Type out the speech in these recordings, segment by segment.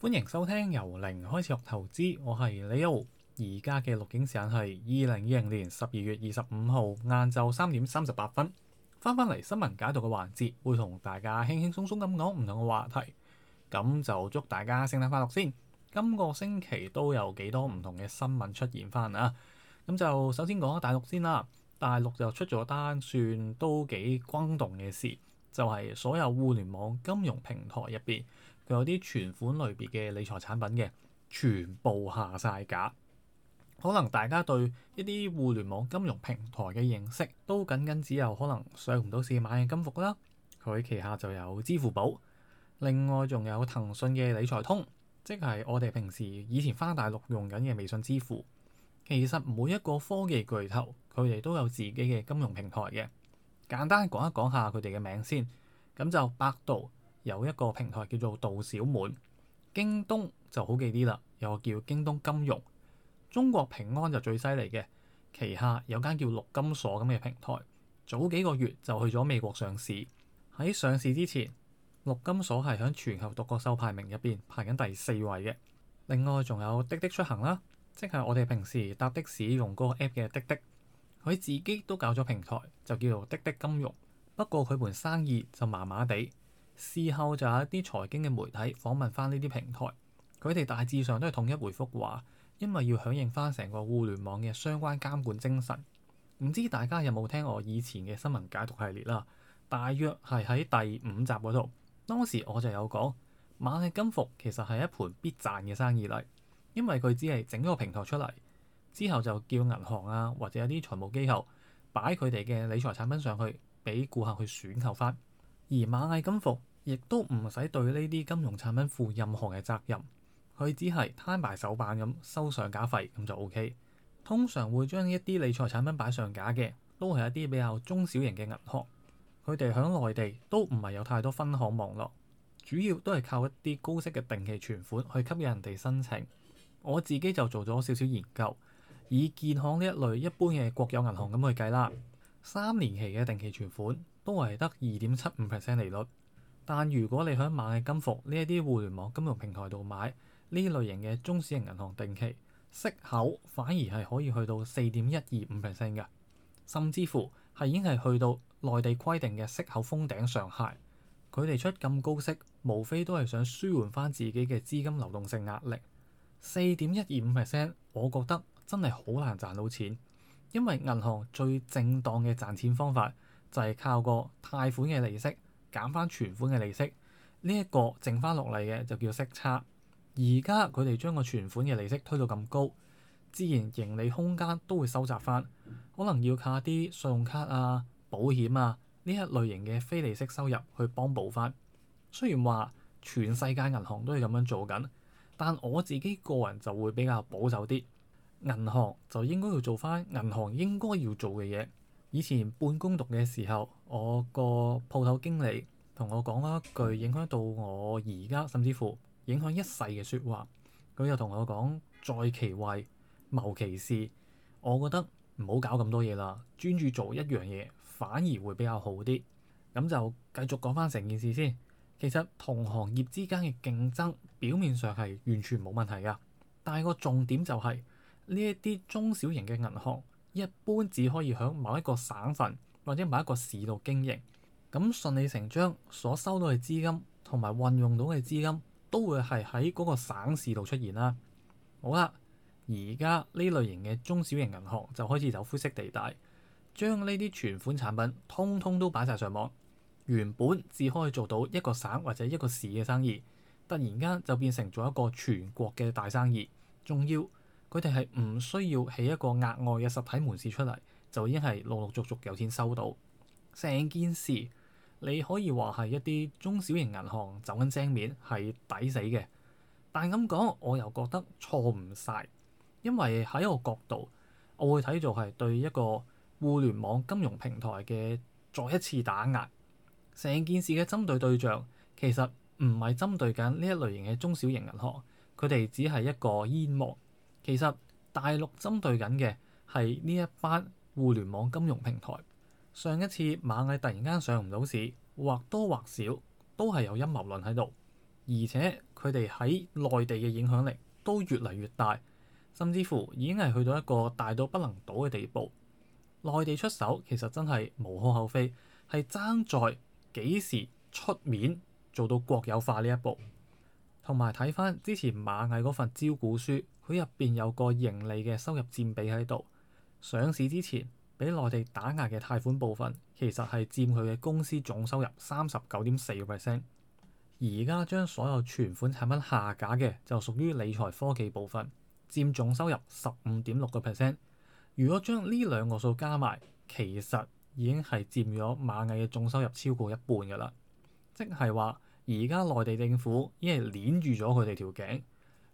歡迎收聽由零開始學投資，我係李歐。而家嘅錄影時間係二零二零年十二月二十五號晏晝三點三十八分。翻返嚟新聞解讀嘅環節，會同大家輕輕鬆鬆咁講唔同嘅話題。咁就祝大家聖誕快樂先。今個星期都有幾多唔同嘅新聞出現翻啊。咁就首先講下大陸先啦。大陸就出咗單，算都幾轟動嘅事，就係、是、所有互聯網金融平台入邊。佢有啲存款類別嘅理財產品嘅，全部下晒架。可能大家對一啲互聯網金融平台嘅認識都僅僅只有可能上唔到市嘅螞蟻金服啦。佢旗下就有支付寶，另外仲有騰訊嘅理財通，即係我哋平時以前返大陸用緊嘅微信支付。其實每一個科技巨頭佢哋都有自己嘅金融平台嘅。簡單講一講下佢哋嘅名先，咁就百度。有一個平台叫做度小滿，京東就好記啲啦。有個叫京東金融，中國平安就最犀利嘅，旗下有間叫陸金所咁嘅平台。早幾個月就去咗美國上市。喺上市之前，陸金所係響全球獨角獸排名入邊排緊第四位嘅。另外仲有滴滴出行啦，即係我哋平時搭的士用嗰個 A P P 嘅滴滴，佢自己都搞咗平台，就叫做滴滴金融。不過佢盤生意就麻麻地。事後就有一啲財經嘅媒體訪問翻呢啲平台，佢哋大致上都係統一回覆話，因為要響應翻成個互聯網嘅相關監管精神。唔知大家有冇聽我以前嘅新聞解讀系列啦？大約係喺第五集嗰度，當時我就有講螞蟻金服其實係一盤必賺嘅生意嚟，因為佢只係整個平台出嚟之後就叫銀行啊，或者一啲財務機構擺佢哋嘅理財產品上去，俾顧客去選購翻。而螞蟻金服亦都唔使對呢啲金融產品負任何嘅責任，佢只係攤埋手板咁收上架費咁就 OK。通常會將一啲理財產品擺上架嘅都係一啲比較中小型嘅銀行，佢哋喺內地都唔係有太多分行網絡，主要都係靠一啲高息嘅定期存款去吸引人哋申請。我自己就做咗少少研究，以建行呢一類一般嘅國有銀行咁去計啦，三年期嘅定期存款都係得二點七五 percent 利率。但如果你喺螞蟻金服呢一啲互聯網金融平台度買呢類型嘅中小型銀行定期息口，反而係可以去到四點一二五 percent 嘅，甚至乎係已經係去到內地規定嘅息口封頂上限。佢哋出咁高息，無非都係想舒緩翻自己嘅資金流動性壓力。四點一二五 percent，我覺得真係好難賺到錢，因為銀行最正當嘅賺錢方法就係靠個貸款嘅利息。減翻存款嘅利息，呢一個剩翻落嚟嘅就叫息差。而家佢哋將個存款嘅利息推到咁高，自然盈利空間都會收窄翻，可能要靠啲信用卡啊、保險啊呢一類型嘅非利息收入去幫補翻。雖然話全世界銀行都係咁樣做緊，但我自己個人就會比較保守啲。銀行就應該要做翻銀行應該要做嘅嘢。以前半工讀嘅時候，我個鋪頭經理同我講一句影響到我而家，甚至乎影響一世嘅説話。佢又同我講：在其位，謀其事。我覺得唔好搞咁多嘢啦，專注做一樣嘢反而會比較好啲。咁就繼續講翻成件事先。其實同行業之間嘅競爭表面上係完全冇問題㗎，但係個重點就係呢一啲中小型嘅銀行。一般只可以響某一個省份或者某一個市度經營，咁順理成章所收到嘅資金同埋運用到嘅資金都會係喺嗰個省市度出現啦。好啦，而家呢類型嘅中小型銀行就開始走灰色地帶，將呢啲存款產品通通都擺晒上網，原本只可以做到一個省或者一個市嘅生意，突然間就變成咗一個全國嘅大生意，仲要。佢哋係唔需要起一個額外嘅實體門市出嚟，就已經係陸陸續續有錢收到。成件事，你可以話係一啲中小型銀行走緊正面係抵死嘅，但係咁講我又覺得錯唔晒，因為喺我角度，我會睇做係對一個互聯網金融平台嘅再一次打壓。成件事嘅針對對象其實唔係針對緊呢一類型嘅中小型銀行，佢哋只係一個煙幕。其實大陸針對緊嘅係呢一班互聯網金融平台。上一次螞蟻突然間上唔到市，或多或少都係有陰謀論喺度。而且佢哋喺內地嘅影響力都越嚟越大，甚至乎已經係去到一個大到不能倒嘅地步。內地出手其實真係無可厚非，係爭在幾時出面做到國有化呢一步。同埋睇翻之前螞蟻嗰份招股書。佢入邊有個盈利嘅收入佔比喺度，上市之前俾內地打壓嘅貸款部分，其實係佔佢嘅公司總收入三十九點四個 percent。而家將所有存款產品下架嘅，就屬於理財科技部分，佔總收入十五點六個 percent。如果將呢兩個數加埋，其實已經係佔咗螞蟻嘅總收入超過一半㗎啦。即係話，而家內地政府已經係捻住咗佢哋條頸。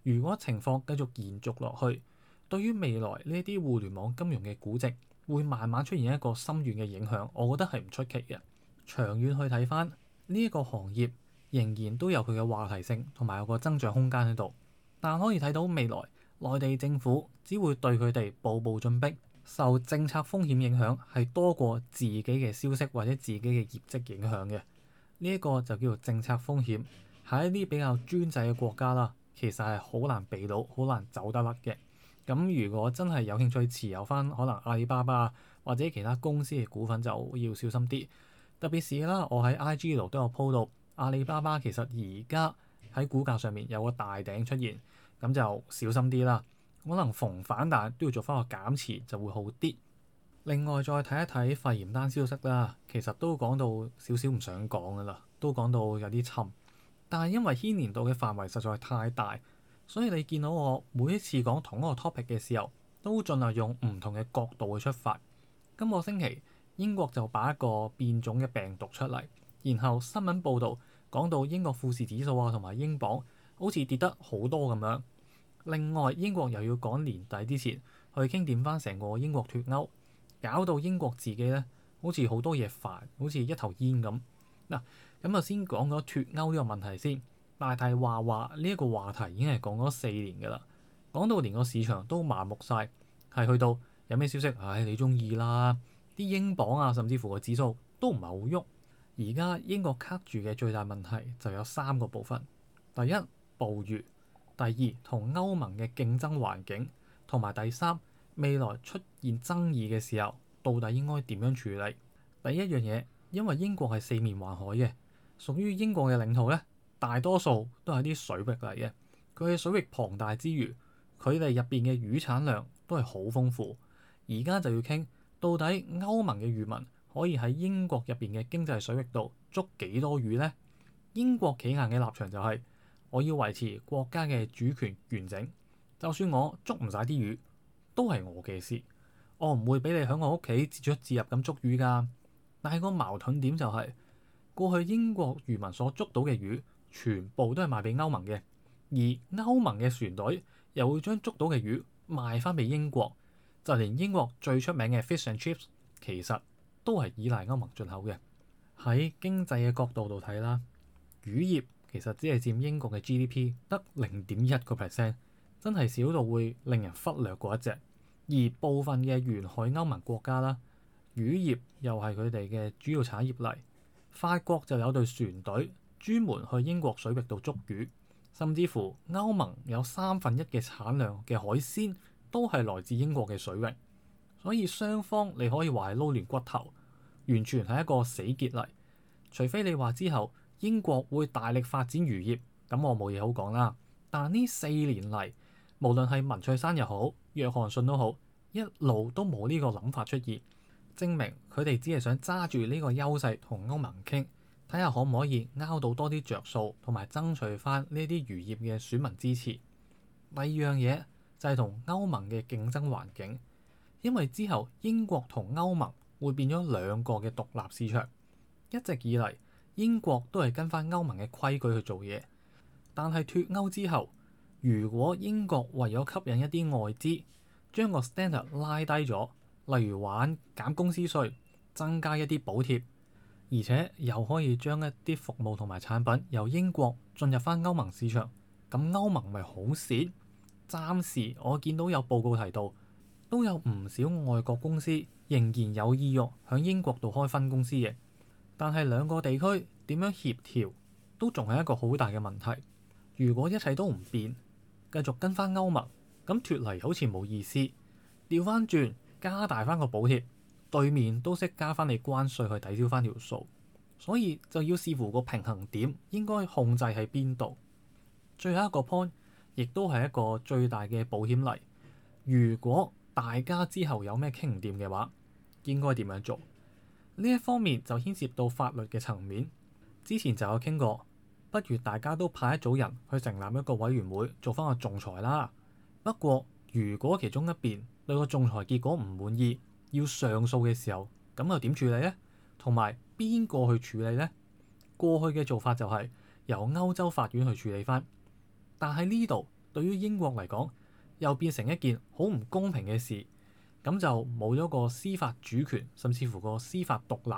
如果情況繼續延續落去，對於未來呢啲互聯網金融嘅估值，會慢慢出現一個深遠嘅影響，我覺得係唔出奇嘅。長遠去睇翻呢一個行業，仍然都有佢嘅話題性同埋有個增長空間喺度，但可以睇到未來內地政府只會對佢哋步步進逼，受政策風險影響係多過自己嘅消息或者自己嘅業績影響嘅。呢一個就叫做政策風險，喺一啲比較專制嘅國家啦。其實係好難避到，好難走得甩嘅。咁如果真係有興趣持有翻，可能阿里巴巴或者其他公司嘅股份就要小心啲。特別係啦，我喺 IG 度都有鋪到阿里巴巴，其實而家喺股價上面有個大頂出現，咁就小心啲啦。可能逢反彈都要做翻個減持就會好啲。另外再睇一睇肺炎單消息啦，其實都講到少少唔想講噶啦，都講到有啲沉。但係因為牽連度嘅範圍實在太大，所以你見到我每一次講同一個 topic 嘅時候，都盡量用唔同嘅角度去出發。今個星期英國就把一個變種嘅病毒出嚟，然後新聞報導講到英國富時指數啊，同埋英鎊好似跌得好多咁樣。另外英國又要趕年底之前去傾掂翻成個英國脱歐，搞到英國自己咧好似好多嘢煩，好似一頭煙咁。嗱，咁啊，先講咗脱歐呢個問題先，大大話話呢一、這個話題已經係講咗四年㗎啦。講到連個市場都麻木晒，係去到有咩消息，唉、哎，你中意啦。啲英鎊啊，甚至乎個指數都唔係好喐。而家英國卡住嘅最大問題就有三個部分：第一，捕魚；第二，同歐盟嘅競爭環境；同埋第三，未來出現爭議嘅時候，到底應該點樣處理？第一樣嘢。因為英國係四面環海嘅，屬於英國嘅領土咧，大多數都係啲水域嚟嘅。佢嘅水域龐大之餘，佢哋入邊嘅魚產量都係好豐富。而家就要傾到底，歐盟嘅漁民可以喺英國入邊嘅經濟水域度捉幾多魚呢？英國企硬嘅立場就係：我要維持國家嘅主權完整，就算我捉唔晒啲魚都係我嘅事，我唔會俾你喺我屋企自出自入咁捉魚㗎。但係個矛盾點就係，過去英國漁民所捉到嘅魚，全部都係賣俾歐盟嘅，而歐盟嘅船隊又會將捉到嘅魚賣翻俾英國，就連英國最出名嘅 Fish and Chips 其實都係依賴歐盟進口嘅。喺經濟嘅角度度睇啦，漁業其實只係佔英國嘅 GDP 得零點一個 percent，真係少到會令人忽略過一隻。而部分嘅沿海歐盟國家啦。漁業又係佢哋嘅主要產業嚟。法國就有對船隊專門去英國水域度捉魚，甚至乎歐盟有三分一嘅產量嘅海鮮都係來自英國嘅水域。所以雙方你可以話係撈亂骨頭，完全係一個死結嚟。除非你話之後英國會大力發展漁業，咁我冇嘢好講啦。但呢四年嚟，無論係文翠珊又好，約翰遜都好，一路都冇呢個諗法出現。證明佢哋只係想揸住呢個優勢同歐盟傾，睇下可唔可以拗到多啲着數，同埋爭取翻呢啲漁業嘅選民支持。第二樣嘢就係同歐盟嘅競爭環境，因為之後英國同歐盟會變咗兩個嘅獨立市場。一直以嚟英國都係跟翻歐盟嘅規矩去做嘢，但係脫歐之後，如果英國為咗吸引一啲外資，將個 standard 拉低咗。例如玩減公司稅，增加一啲補貼，而且又可以將一啲服務同埋產品由英國進入翻歐盟市場。咁歐盟咪好蝕？暫時我見到有報告提到，都有唔少外國公司仍然有意欲喺英國度開分公司嘅。但係兩個地區點樣協調都仲係一個好大嘅問題。如果一切都唔變，繼續跟翻歐盟，咁脫離好似冇意思。調翻轉。加大翻個補貼，對面都識加翻你關稅去抵消翻條數，所以就要視乎個平衡點應該控制喺邊度。最後一個 point 亦都係一個最大嘅保險例，如果大家之後有咩傾唔掂嘅話，應該點樣做呢？一方面就牽涉到法律嘅層面，之前就有傾過，不如大家都派一組人去成立一個委員會做翻個仲裁啦。不過如果其中一邊，對個仲裁結果唔滿意，要上訴嘅時候，咁又點處理咧？同埋邊個去處理咧？過去嘅做法就係由歐洲法院去處理翻，但係呢度對於英國嚟講又變成一件好唔公平嘅事，咁就冇咗個司法主權，甚至乎個司法獨立。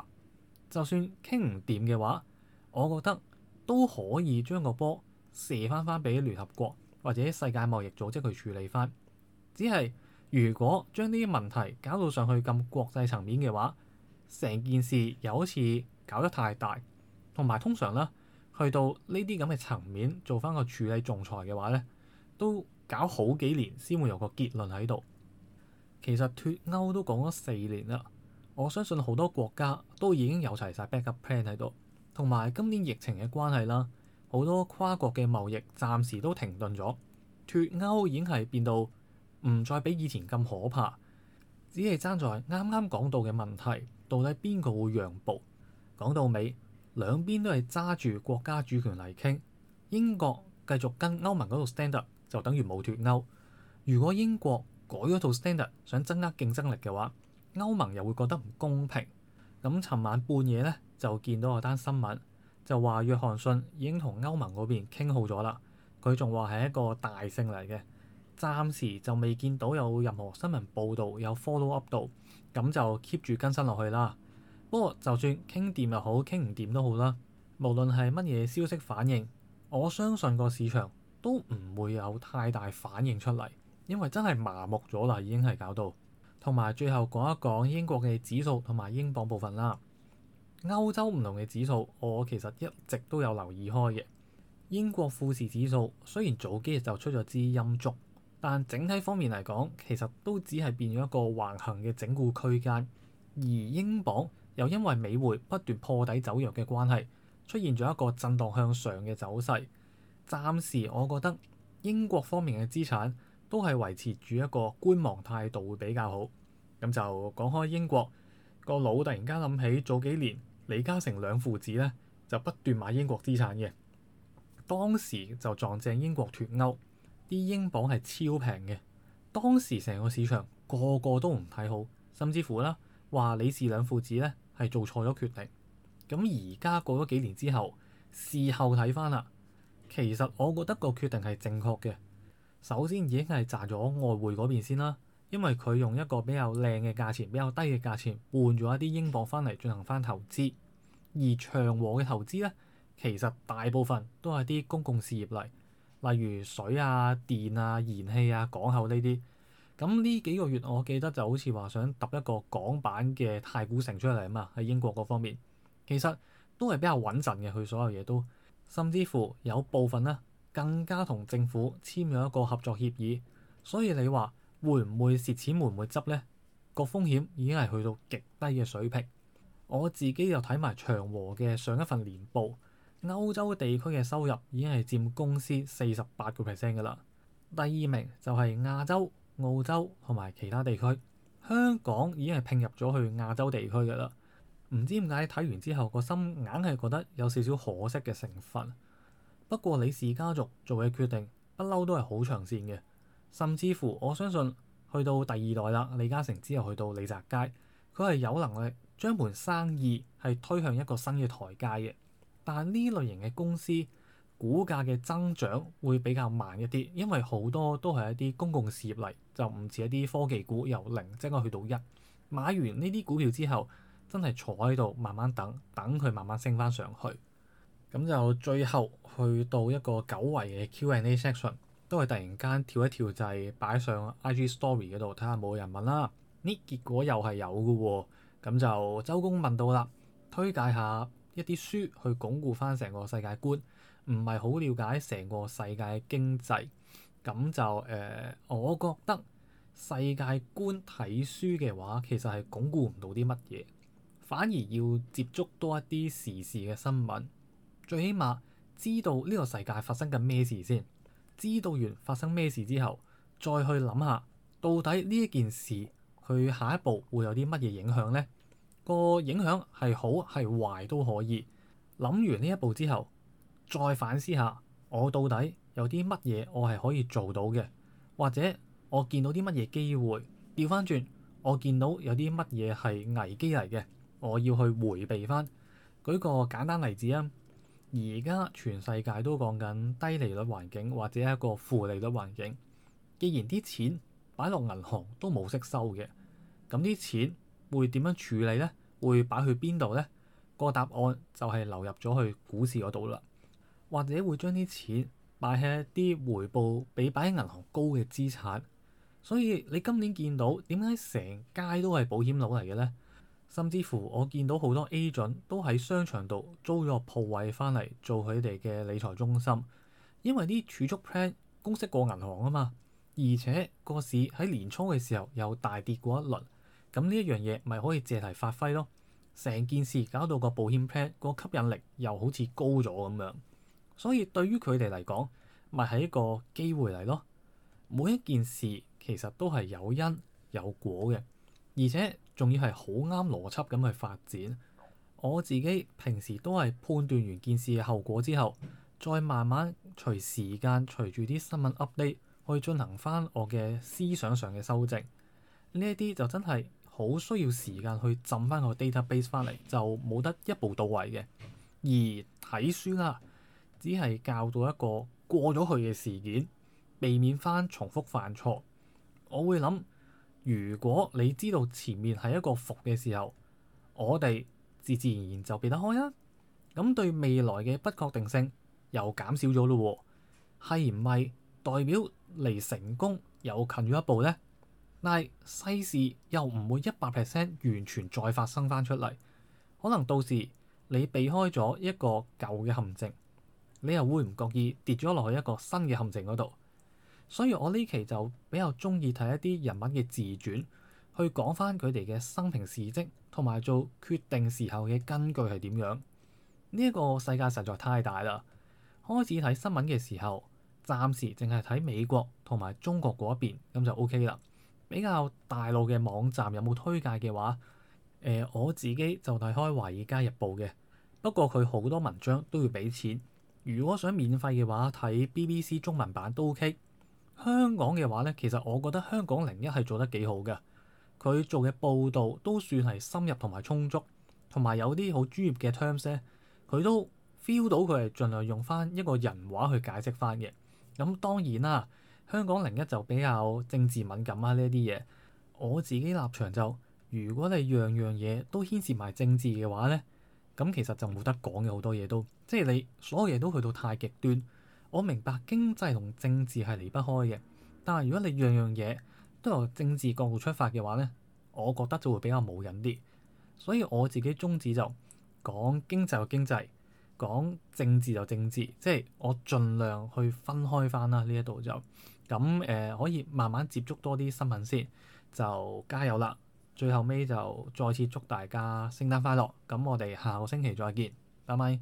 就算傾唔掂嘅話，我覺得都可以將個波射翻翻俾聯合國或者世界貿易組織去處理翻，只係。如果將呢啲問題搞到上去咁國際層面嘅話，成件事又好似搞得太大，同埋通常咧去到呢啲咁嘅層面做返個處理仲裁嘅話咧，都搞好幾年先會有個結論喺度。其實脫歐都講咗四年啦，我相信好多國家都已經有齊晒 backup plan 喺度，同埋今年疫情嘅關係啦，好多跨國嘅貿易暫時都停頓咗，脫歐已經係變到。唔再比以前咁可怕，只係爭在啱啱講到嘅問題，到底邊個會讓步？講到尾，兩邊都係揸住國家主權嚟傾。英國繼續跟歐盟嗰度 standard，就等於冇脱歐。如果英國改咗套 standard，想增加競爭力嘅話，歐盟又會覺得唔公平。咁尋晚半夜咧就見到嗰單新聞，就話約翰遜已經同歐盟嗰邊傾好咗啦。佢仲話係一個大勝嚟嘅。暫時就未見到有任何新聞報導有 follow up 到，咁就 keep 住更新落去啦。不過就算傾掂又好，傾唔掂都好啦。無論係乜嘢消息反應，我相信個市場都唔會有太大反應出嚟，因為真係麻木咗啦，已經係搞到。同埋最後講一講英國嘅指數同埋英鎊部分啦。歐洲唔同嘅指數，我其實一直都有留意開嘅。英國富士指數雖然早幾日就出咗支陰燭。但整體方面嚟講，其實都只係變咗一個橫行嘅整固區間，而英鎊又因為美匯不斷破底走弱嘅關係，出現咗一個震盪向上嘅走勢。暫時我覺得英國方面嘅資產都係維持住一個觀望態度會比較好。咁就講開英國個腦，老突然間諗起早幾年李嘉誠兩父子咧就不斷買英國資產嘅，當時就撞正英國脫歐。啲英鎊係超平嘅，當時成個市場個個都唔睇好，甚至乎啦，話李氏兩父子咧係做錯咗決定。咁而家過咗幾年之後，事後睇翻啦，其實我覺得個決定係正確嘅。首先已經係賺咗外匯嗰邊先啦，因為佢用一個比較靚嘅價錢，比較低嘅價錢換咗一啲英鎊翻嚟進行翻投資。而長和嘅投資咧，其實大部分都係啲公共事業嚟。例如水啊、電啊、燃氣啊、港口呢啲，咁呢幾個月我記得就好似話想揼一個港版嘅太古城出嚟啊嘛，喺英國嗰方面，其實都係比較穩陣嘅，佢所有嘢都，甚至乎有部分呢，更加同政府簽咗一個合作協議，所以你話會唔會蝕錢，會唔會執咧？個風險已經係去到極低嘅水平。我自己又睇埋長和嘅上一份年報。歐洲地區嘅收入已經係佔公司四十八個 percent 嘅啦。第二名就係亞洲、澳洲同埋其他地區。香港已經係拼入咗去亞洲地區嘅啦。唔知點解睇完之後個心硬係覺得有少少可惜嘅成分。不過李氏家族做嘅決定不嬲都係好長線嘅，甚至乎我相信去到第二代啦，李嘉誠之後去到李澤楷，佢係有能力將盤生意係推向一個新嘅台階嘅。但係呢類型嘅公司股價嘅增長會比較慢一啲，因為好多都係一啲公共事業嚟，就唔似一啲科技股由零即刻去到一。買完呢啲股票之後，真係坐喺度慢慢等，等佢慢慢升翻上去。咁就最後去到一個久違嘅 Q&A section，都係突然間跳一跳就係擺上 IG Story 嗰度睇下冇人問啦。呢結果又係有嘅喎、哦，咁就周公問到啦，推介下一啲書去鞏固翻成個世界觀，唔係好了解成個世界經濟，咁就誒、呃，我覺得世界觀睇書嘅話，其實係鞏固唔到啲乜嘢，反而要接觸多一啲時事嘅新聞，最起碼知道呢個世界發生緊咩事先，知道完發生咩事之後，再去諗下到底呢一件事，佢下一步會有啲乜嘢影響咧？個影響係好係壞都可以，諗完呢一步之後，再反思下我到底有啲乜嘢我係可以做到嘅，或者我見到啲乜嘢機會，調翻轉我見到有啲乜嘢係危機嚟嘅，我要去迴避翻。舉個簡單例子啊，而家全世界都講緊低利率環境或者一個負利率環境，既然啲錢擺落銀行都冇息收嘅，咁啲錢，會點樣處理咧？會擺去邊度咧？個答案就係流入咗去股市嗰度啦，或者會將啲錢擺喺一啲回報比擺喺銀行高嘅資產。所以你今年見到點解成街都係保險佬嚟嘅咧？甚至乎我見到好多 A 準都喺商場度租咗個鋪位翻嚟做佢哋嘅理財中心，因為啲儲蓄 plan 公蝕過銀行啊嘛，而且個市喺年初嘅時候又大跌過一輪。咁呢一樣嘢咪可以借題發揮咯，成件事搞到個保險 plan 個吸引力又好似高咗咁樣，所以對於佢哋嚟講，咪係一個機會嚟咯。每一件事其實都係有因有果嘅，而且仲要係好啱邏輯咁去發展。我自己平時都係判斷完件事嘅後果之後，再慢慢隨時間隨住啲新聞 update 去進行翻我嘅思想上嘅修正。呢一啲就真係～好需要時間去浸翻個 database 翻嚟，就冇得一步到位嘅。而睇書啦、啊，只係教到一個過咗去嘅事件，避免翻重複犯錯。我會諗，如果你知道前面係一個伏嘅時候，我哋自自然然就避得開啦。咁對未來嘅不確定性又減少咗咯喎，係唔係代表離成功又近咗一步咧？但係世事又唔會一百 percent 完全再發生翻出嚟，可能到時你避開咗一個舊嘅陷阱，你又會唔覺意跌咗落去一個新嘅陷阱嗰度。所以我呢期就比較中意睇一啲人物嘅自傳，去講翻佢哋嘅生平事蹟同埋做決定時候嘅根據係點樣。呢一個世界實在太大啦。開始睇新聞嘅時候，暫時淨係睇美國同埋中國嗰邊咁就 OK 啦。比較大路嘅網站有冇推介嘅話，誒、呃、我自己就睇開《華爾街日報》嘅，不過佢好多文章都要俾錢。如果想免費嘅話，睇 BBC 中文版都 OK。香港嘅話咧，其實我覺得香港01係做得幾好㗎，佢做嘅報導都算係深入同埋充足，同埋有啲好專業嘅 terms，佢都 feel 到佢係盡量用翻一個人話去解釋翻嘅。咁當然啦。香港零一就比較政治敏感啊，呢一啲嘢，我自己立場就如果你樣樣嘢都牽涉埋政治嘅話咧，咁其實就冇得講嘅好多嘢都，即係你所有嘢都去到太極端。我明白經濟同政治係離不開嘅，但係如果你樣樣嘢都由政治角度出發嘅話咧，我覺得就會比較冇癮啲。所以我自己宗旨就講經濟就經濟，講政治就政治，即係我盡量去分開返啦呢一度就。咁誒、呃、可以慢慢接觸多啲新聞先，就加油啦！最後尾就再次祝大家聖誕快樂，咁我哋下個星期再見，拜拜。Bye.